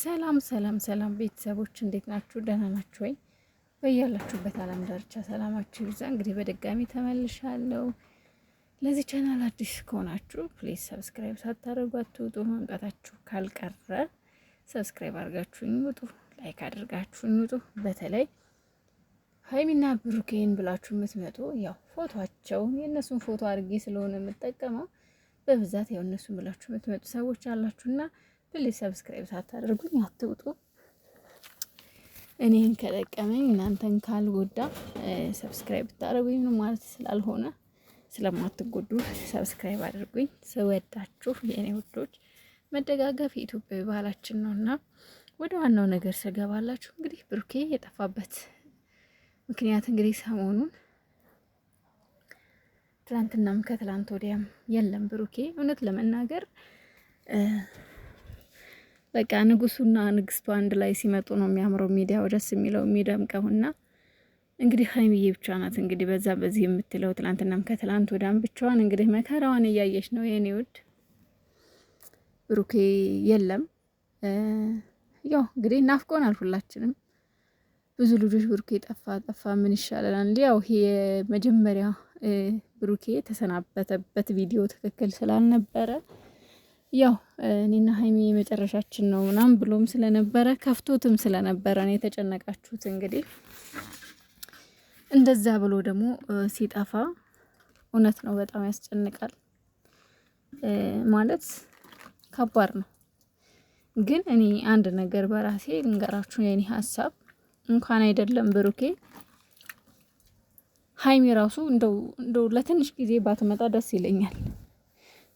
ሰላም ሰላም ሰላም ቤተሰቦች እንዴት ናችሁ? ደህና ናችሁ ወይ? በያላችሁበት ዓለም ዳርቻ ሰላማችሁ ይብዛ። እንግዲህ በድጋሚ ተመልሻለሁ። ለዚህ ቻናል አዲስ ከሆናችሁ ፕሊዝ ሰብስክራይብ ሳታደርጉ አትውጡ። መምጣታችሁ ካልቀረ ሰብስክራይብ አድርጋችሁኝ ውጡ፣ ላይክ አድርጋችሁኝ ውጡ። በተለይ ሀይሚና ብሩኬን ብላችሁ የምትመጡ ያው ፎቶቸውን የእነሱን ፎቶ አድርጌ ስለሆነ የምጠቀመው በብዛት ያው እነሱን ብላችሁ የምትመጡ ሰዎች አላችሁና ፕሊዝ ሰብስክራይብ ሳታደርጉኝ አትውጡ። እኔን ከጠቀመኝ እናንተን ካልጎዳ ሰብስክራይብ ብታደርጉኝ ምን ማለት ስላልሆነ ስለማትጎዱ ሰብስክራይብ አድርጉኝ። ስወዳችሁ የእኔ ውዶች፣ መደጋገፍ የኢትዮጵያዊ ባህላችን ነው እና ወደ ዋናው ነገር ስገባላችሁ እንግዲህ ብሩኬ የጠፋበት ምክንያት እንግዲህ ሰሞኑን ትላንትናም ከትላንት ወዲያም የለም ብሩኬ እውነት ለመናገር በቃ ንጉሱና ንግስቱ አንድ ላይ ሲመጡ ነው የሚያምረው ሚዲያው ደስ የሚለው የሚደምቀውና እንግዲህ ሀይሚዬ ብቻ ናት እንግዲህ በዛ በዚህ የምትለው ትላንትናም ከትላንት ወዳም ብቻዋን እንግዲህ መከራዋን እያየች ነው። የኔ ውድ ብሩኬ የለም ያው እንግዲህ ናፍቆናል ሁላችንም። ብዙ ልጆች ብሩኬ ጠፋ ጠፋ ምን ይሻለናል? ያው ይሄ የመጀመሪያ ብሩኬ የተሰናበተበት ቪዲዮ ትክክል ስላልነበረ ያው እኔና ሀይሚ የመጨረሻችን ነው ምናምን ብሎም ስለነበረ ከፍቶትም ስለነበረ ነው የተጨነቃችሁት። እንግዲህ እንደዛ ብሎ ደግሞ ሲጠፋ እውነት ነው በጣም ያስጨንቃል። ማለት ከባድ ነው። ግን እኔ አንድ ነገር በራሴ ልንገራችሁ፣ የኔ ሀሳብ እንኳን አይደለም ብሩኬ ሀይሚ ራሱ እንደው ለትንሽ ጊዜ ባትመጣ ደስ ይለኛል።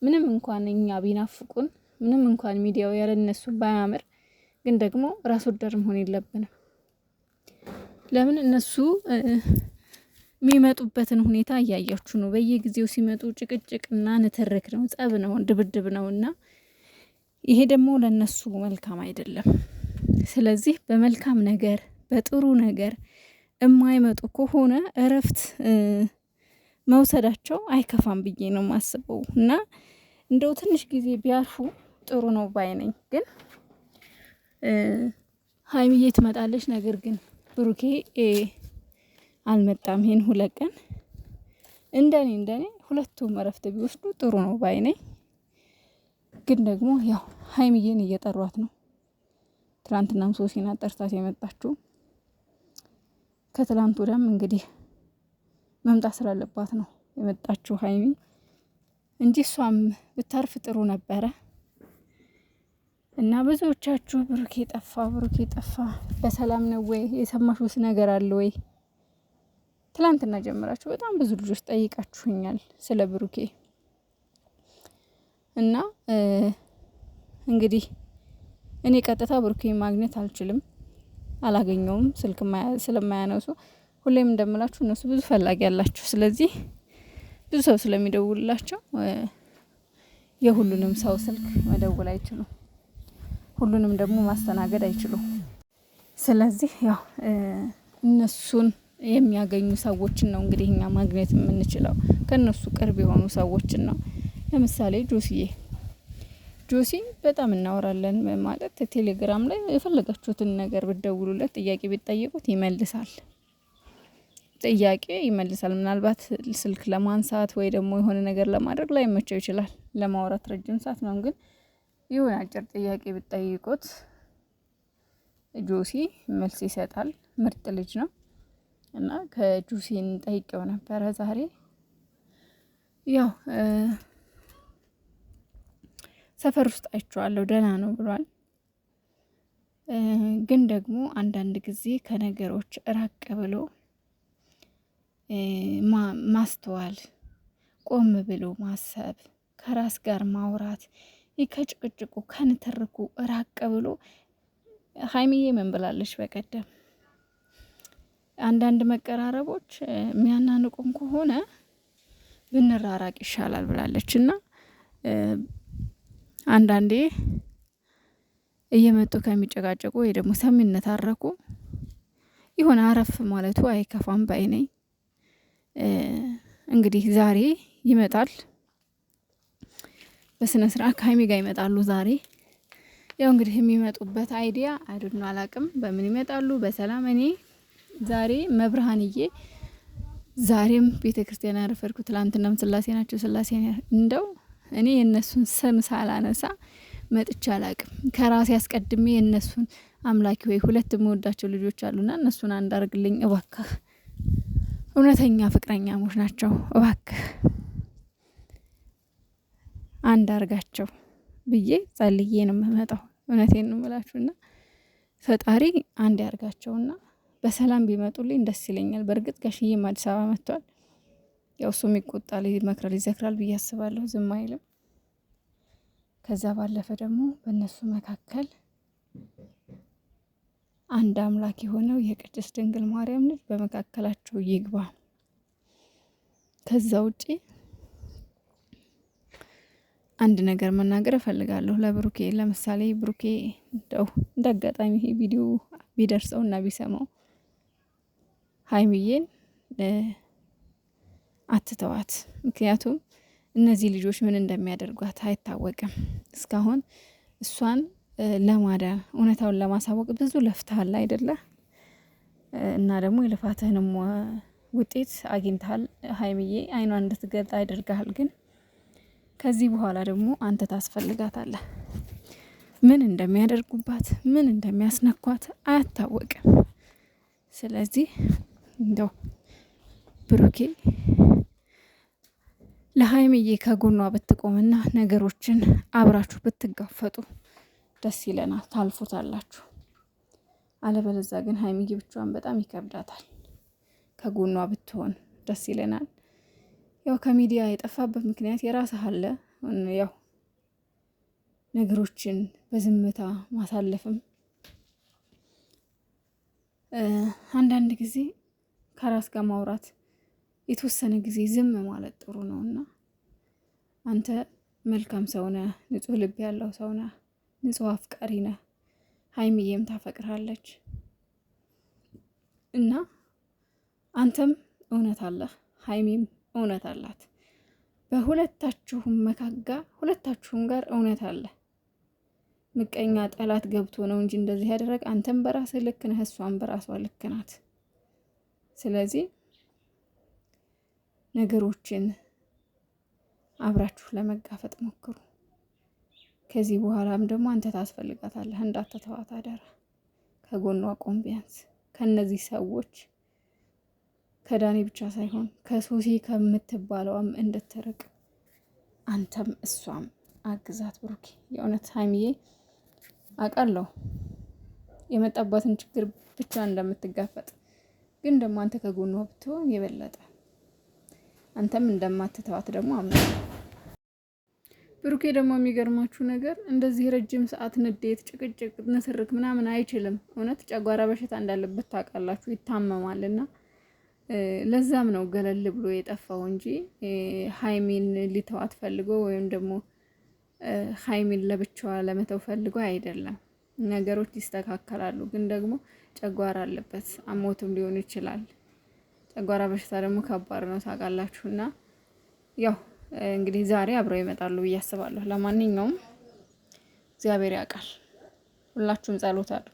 ምንም እንኳን እኛ ቢናፍቁን፣ ምንም እንኳን ሚዲያው ያለ ባያምር፣ ግን ደግሞ ራስ ወዳድ መሆን የለብንም። ለምን እነሱ የሚመጡበትን ሁኔታ እያያችሁ ነው። በየጊዜው ሲመጡ ጭቅጭቅና ንትርክ ነው፣ ጸብ ነው፣ ድብድብ ነው እና ይሄ ደግሞ ለእነሱ መልካም አይደለም። ስለዚህ በመልካም ነገር በጥሩ ነገር የማይመጡ ከሆነ እረፍት መውሰዳቸው አይከፋም ብዬ ነው ማስበው እና እንደው ትንሽ ጊዜ ቢያርፉ ጥሩ ነው ባይ ነኝ። ግን ሀይሚዬ ትመጣለች፣ ነገር ግን ብሩኬ አልመጣም። ይሄን ሁለት ቀን እንደኔ እንደኔ ሁለቱም እረፍት ቢወስዱ ጥሩ ነው ባይ ነኝ። ግን ደግሞ ያው ሀይሚዬን እየጠሯት ነው። ትላንትናም ሶሲና ጠርታት የመጣችው ከትላንት ወዲያም እንግዲህ መምጣት ስላለባት ነው የመጣችው ሀይሚ እንጂ እሷም ብታርፍ ጥሩ ነበረ። እና ብዙዎቻችሁ ብሩኬ ጠፋ፣ ብሩኬ ጠፋ፣ በሰላም ነው ወይ? የሰማሽውስ ነገር አለ ወይ? ትላንትና ጀምራችሁ በጣም ብዙ ልጆች ጠይቃችሁኛል ስለ ብሩኬ እና እንግዲህ እኔ ቀጥታ ብሩኬ ማግኘት አልችልም፣ አላገኘውም ስልክ ስለማያነሱ ሁሌም እንደምላችሁ እነሱ ብዙ ፈላጊ ያላችሁ፣ ስለዚህ ብዙ ሰው ስለሚደውልላቸው የሁሉንም ሰው ስልክ መደውል አይችሉም። ሁሉንም ደግሞ ማስተናገድ አይችሉም። ስለዚህ ያው እነሱን የሚያገኙ ሰዎችን ነው እንግዲህ እኛ ማግኘት የምንችለው ከእነሱ ቅርብ የሆኑ ሰዎችን ነው። ለምሳሌ ጆሲዬ ጆሲ በጣም እናወራለን ማለት ቴሌግራም ላይ የፈለጋችሁትን ነገር ብደውሉለት ጥያቄ ቢጠየቁት ይመልሳል። ጥያቄ ይመልሳል። ምናልባት ስልክ ለማንሳት ወይ ደግሞ የሆነ ነገር ለማድረግ ላይመቸው ይችላል። ለማውራት ረጅም ሰዓት ነው። ግን ይሁን አጭር ጥያቄ ብጠይቁት ጆሲ መልስ ይሰጣል። ምርጥ ልጅ ነው እና ከጆሲን ጠይቄው ነበረ ዛሬ ያው ሰፈር ውስጥ አይቼዋለሁ ደህና ነው ብሏል። ግን ደግሞ አንዳንድ ጊዜ ከነገሮች ራቅ ብሎ ማስተዋል፣ ቆም ብሎ ማሰብ፣ ከራስ ጋር ማውራት፣ ከጭቅጭቁ ከንትርኩ ራቅ ብሎ ሀይሚዬ ምን ብላለች በቀደም አንዳንድ መቀራረቦች የሚያናንቁም ከሆነ ብንራራቅ ይሻላል ብላለች። እና አንዳንዴ እየመጡ ከሚጨቃጨቁ ወይ ደግሞ ሰሚነት አረኩ የሆነ አረፍ ማለቱ አይከፋም ባይ ነኝ። እንግዲህ ዛሬ ይመጣል በስነ ስርዓት ከሀይሚ ጋር ይመጣሉ። ዛሬ ያው እንግዲህ የሚመጡበት አይዲያ አይዶድ አላቅም በምን ይመጣሉ። በሰላም እኔ ዛሬ መብርሃንዬ ዛሬም ቤተ ክርስቲያን ያረፈድኩ ትላንትናም ስላሴ ናቸው ስላሴ እንደው እኔ የእነሱን ስም ሳላነሳ መጥቼ አላቅም። ከራሴ አስቀድሜ የእነሱን አምላኪ ወይ ሁለት የምወዳቸው ልጆች አሉና እነሱን አንድ አርግልኝ እባካህ እውነተኛ ፍቅረኛሞች ናቸው። እባክህ አንድ አርጋቸው ብዬ ጸልዬ ነው የምመጣው። እውነቴን ነው የምላችሁና ፈጣሪ አንድ ያርጋቸውና በሰላም ቢመጡልኝ ደስ ይለኛል። በእርግጥ ጋሽዬም አዲስ አበባ መጥቷል። ያው እሱም ይቆጣል፣ ይመክራል፣ ይዘክራል ብዬ አስባለሁ። ዝም አይልም። ከዛ ባለፈ ደግሞ በእነሱ መካከል አንድ አምላክ የሆነው የቅድስት ድንግል ማርያም ልጅ በመካከላቸው ይግባ። ከዛ ውጪ አንድ ነገር መናገር እፈልጋለሁ ለብሩኬ። ለምሳሌ ብሩኬ እንደው እንደ አጋጣሚ ይሄ ቪዲዮ ቢደርሰው እና ቢሰማው ሀይሚዬን አትተዋት። ምክንያቱም እነዚህ ልጆች ምን እንደሚያደርጓት አይታወቅም እስካሁን እሷን ለማዳን እውነታውን ለማሳወቅ ብዙ ለፍተሃል አይደለ? እና ደግሞ የልፋትህንም ውጤት አግኝተሃል። ሀይምዬ አይኗን እንድትገልጥ አይደርግሃል። ግን ከዚህ በኋላ ደግሞ አንተ ታስፈልጋታለህ። ምን እንደሚያደርጉባት ምን እንደሚያስነኳት አያታወቅም። ስለዚህ እንደው ብሩኬ ለሀይምዬ ከጎኗ ብትቆምና ነገሮችን አብራችሁ ብትጋፈጡ ደስ ይለናል፣ ታልፎታላችሁ። አለበለዛ ግን ሀይሚዬ ብቻዋን በጣም ይከብዳታል። ከጎኗ ብትሆን ደስ ይለናል። ያው ከሚዲያ የጠፋበት ምክንያት የራስህ አለ። ያው ነገሮችን በዝምታ ማሳለፍም አንዳንድ ጊዜ ከራስ ጋር ማውራት የተወሰነ ጊዜ ዝም ማለት ጥሩ ነው እና አንተ መልካም ሰውነ፣ ንጹህ ልብ ያለው ሰውነ ንጹሕ አፍቃሪ ነህ። ሀይሚዬም ታፈቅርሃለች እና አንተም እውነት አለህ፣ ሀይሚም እውነት አላት። በሁለታችሁም መካጋ ሁለታችሁም ጋር እውነት አለ። ምቀኛ ጠላት ገብቶ ነው እንጂ እንደዚህ ያደረግ አንተም በራስህ ልክ ነህ፣ እሷም በራሷ ልክ ናት። ስለዚህ ነገሮችን አብራችሁ ለመጋፈጥ ሞክሩ። ከዚህ በኋላም ደግሞ አንተ ታስፈልጋታለህ፣ እንዳትተዋት አደራ። ከጎኗ ቆም፣ ቢያንስ ከእነዚህ ሰዎች ከዳኔ ብቻ ሳይሆን ከሱሲ ከምትባለዋም እንድትርቅ አንተም እሷም አግዛት። ብሩኬ የእውነት ሀይሚዬ አውቃለሁ የመጣባትን ችግር ብቻ እንደምትጋፈጥ ግን ደግሞ አንተ ከጎኗ ብትሆን የበለጠ አንተም እንደማትተዋት ደግሞ አምናለሁ። ብሩኬ ደግሞ የሚገርማችሁ ነገር እንደዚህ ረጅም ሰዓት ንዴት፣ ጭቅጭቅ፣ ንትርክ ምናምን አይችልም። እውነት ጨጓራ በሽታ እንዳለበት ታውቃላችሁ፣ ይታመማል እና ለዛም ነው ገለል ብሎ የጠፋው እንጂ ሀይሚን ሊተዋት ፈልጎ ወይም ደግሞ ሀይሚን ለብቻዋ ለመተው ፈልጎ አይደለም። ነገሮች ይስተካከላሉ። ግን ደግሞ ጨጓራ አለበት፣ አሞትም ሊሆን ይችላል። ጨጓራ በሽታ ደግሞ ከባድ ነው ታውቃላችሁ እና ያው እንግዲህ ዛሬ አብረው ይመጣሉ ብዬ አስባለሁ። ለማንኛውም እግዚአብሔር ያውቃል። ሁላችሁም ጸሎት አሉ።